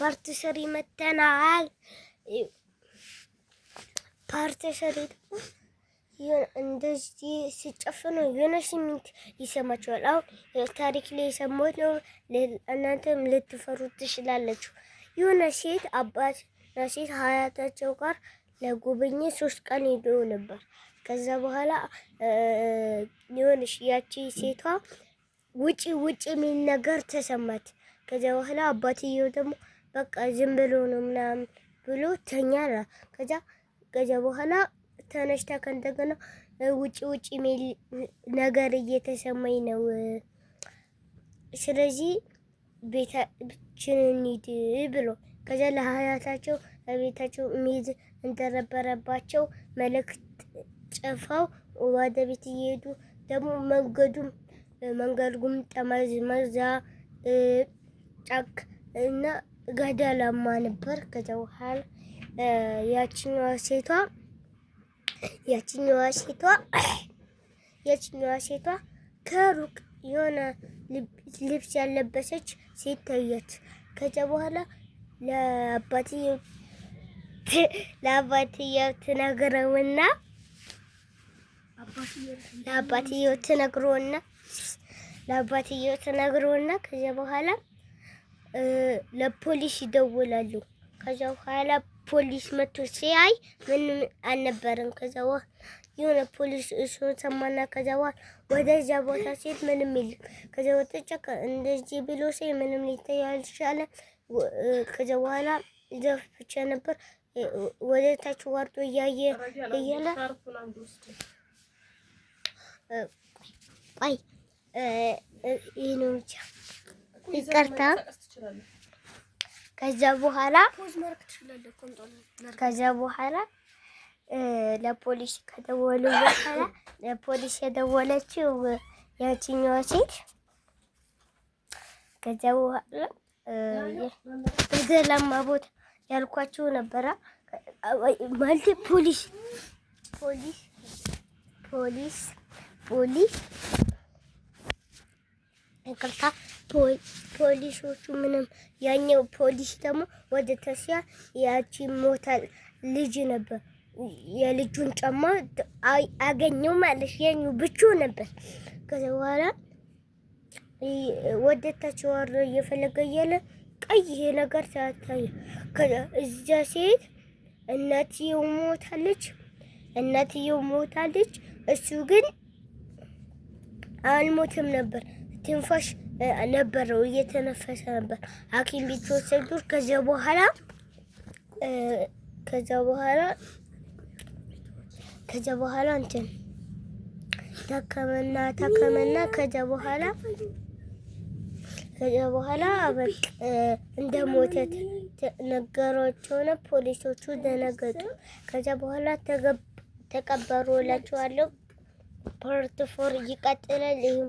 ፓርት ስሪ መተናል። ፓርት ስሪ ደግሞ እንደዚህ ሲጨፍኑ የሆነ ስሜት ይሰማችኋል። አሁን ታሪክ ላይ የሰማሁት ነው። እናንተም ልትፈሩ ትችላለችሁ። የሆነ ሴት አባትና ሴት አያታቸው ጋር ለጉብኝ ሶስት ቀን ሄዶ ነበር። ከዛ በኋላ የሆነች ያቺ ሴቷ ውጪ ውጪ የሚል ነገር ተሰማት። ከዚያ በኋላ አባትየው ደግሞ በቃ ዝም ብሎ ነው ምናምን ብሎ ተኛ። ከዛ ከዛ በኋላ ተነሽታ ከእንደገና ውጪ ውጪ የሚል ነገር እየተሰማኝ ነው። ስለዚህ ቤታችንን እንሂድ ብሎ ከዛ ለሀያታቸው ለቤታቸው ሚዝ እንደነበረባቸው መልእክት ጽፈው ወደ ቤት እየሄዱ ደግሞ መንገዱም መንገዱም ጠመዝመዛ ጫክ እና ገደላማ ነበር። ከዛ በኋላ ያችኛዋ ሴቷ ያችኛዋ ሴቷ ያችኛዋ ሴቷ ከሩቅ የሆነ ልብስ ያለበሰች ሴት ታየች። ከዛ በኋላ ለአባትየው ለአባትየው ትነግረውና ለአባትየው ትነግሮና ለአባትየው ትነግሮና ከዛ በኋላ ለፖሊስ ይደውላሉ። ከዛ በኋላ ፖሊስ መቶ ሲያይ ምንም አልነበረም። ከዛ የሆነ ፖሊስ እሱ ሰማና፣ ከዛ ወደዛ ቦታ ሲል ምንም የለም። ከዛ ወጥቼ እንደዚህ ብሎ ሲል ምንም ሊታይ አልቻለም። ከዛ በኋላ ዘፍ ነበር። ወደ ታች ዋርዶ እያየ እያለ ቆይ ይህ ነው ብቻ ይቅርታ ትችላለህ። ከዛ በኋላ ከዛ በኋላ ለፖሊስ ከደወሉ በኋላ ለፖሊስ የደወለችው የትኛዋ ሴት? ከዛ በኋላ ገደላማ ቦታ ያልኳቸው ነበራ ማለት ፖሊስ ፖሊስ ፖሊስ ፖሊስ ይቅርታ ፖሊሶቹ ምንም ያኛው ፖሊስ ደግሞ ወደ ተስያ ያቺ ሞታል ልጅ ነበር የልጁን ጫማ አገኘው ማለት የኙ ብቹ ነበር። ከዛ በኋላ ወደ ታች ወርዶ እየፈለገ እያለ ቀይ ይሄ ነገር ታታየ። እዛ ሴት እናትየው ሞታለች፣ እናትየው ሞታለች። እሱ ግን አልሞትም ነበር ትንፋሽ ነበረው እየተነፈሰ ነበር። ሐኪም ቤት ወሰዱት። ከዚያ በኋላ ከዚያ በኋላ ከዚያ በኋላ እንትን ታከመና ታከመና ከዚያ በኋላ ከዚያ በኋላ እንደ ሞተ ነገሯቸውና ፖሊሶቹ ደነገጡ። ከዚያ በኋላ ተቀበሩላቸዋለሁ። ፓርት ፎር ይቀጥላል።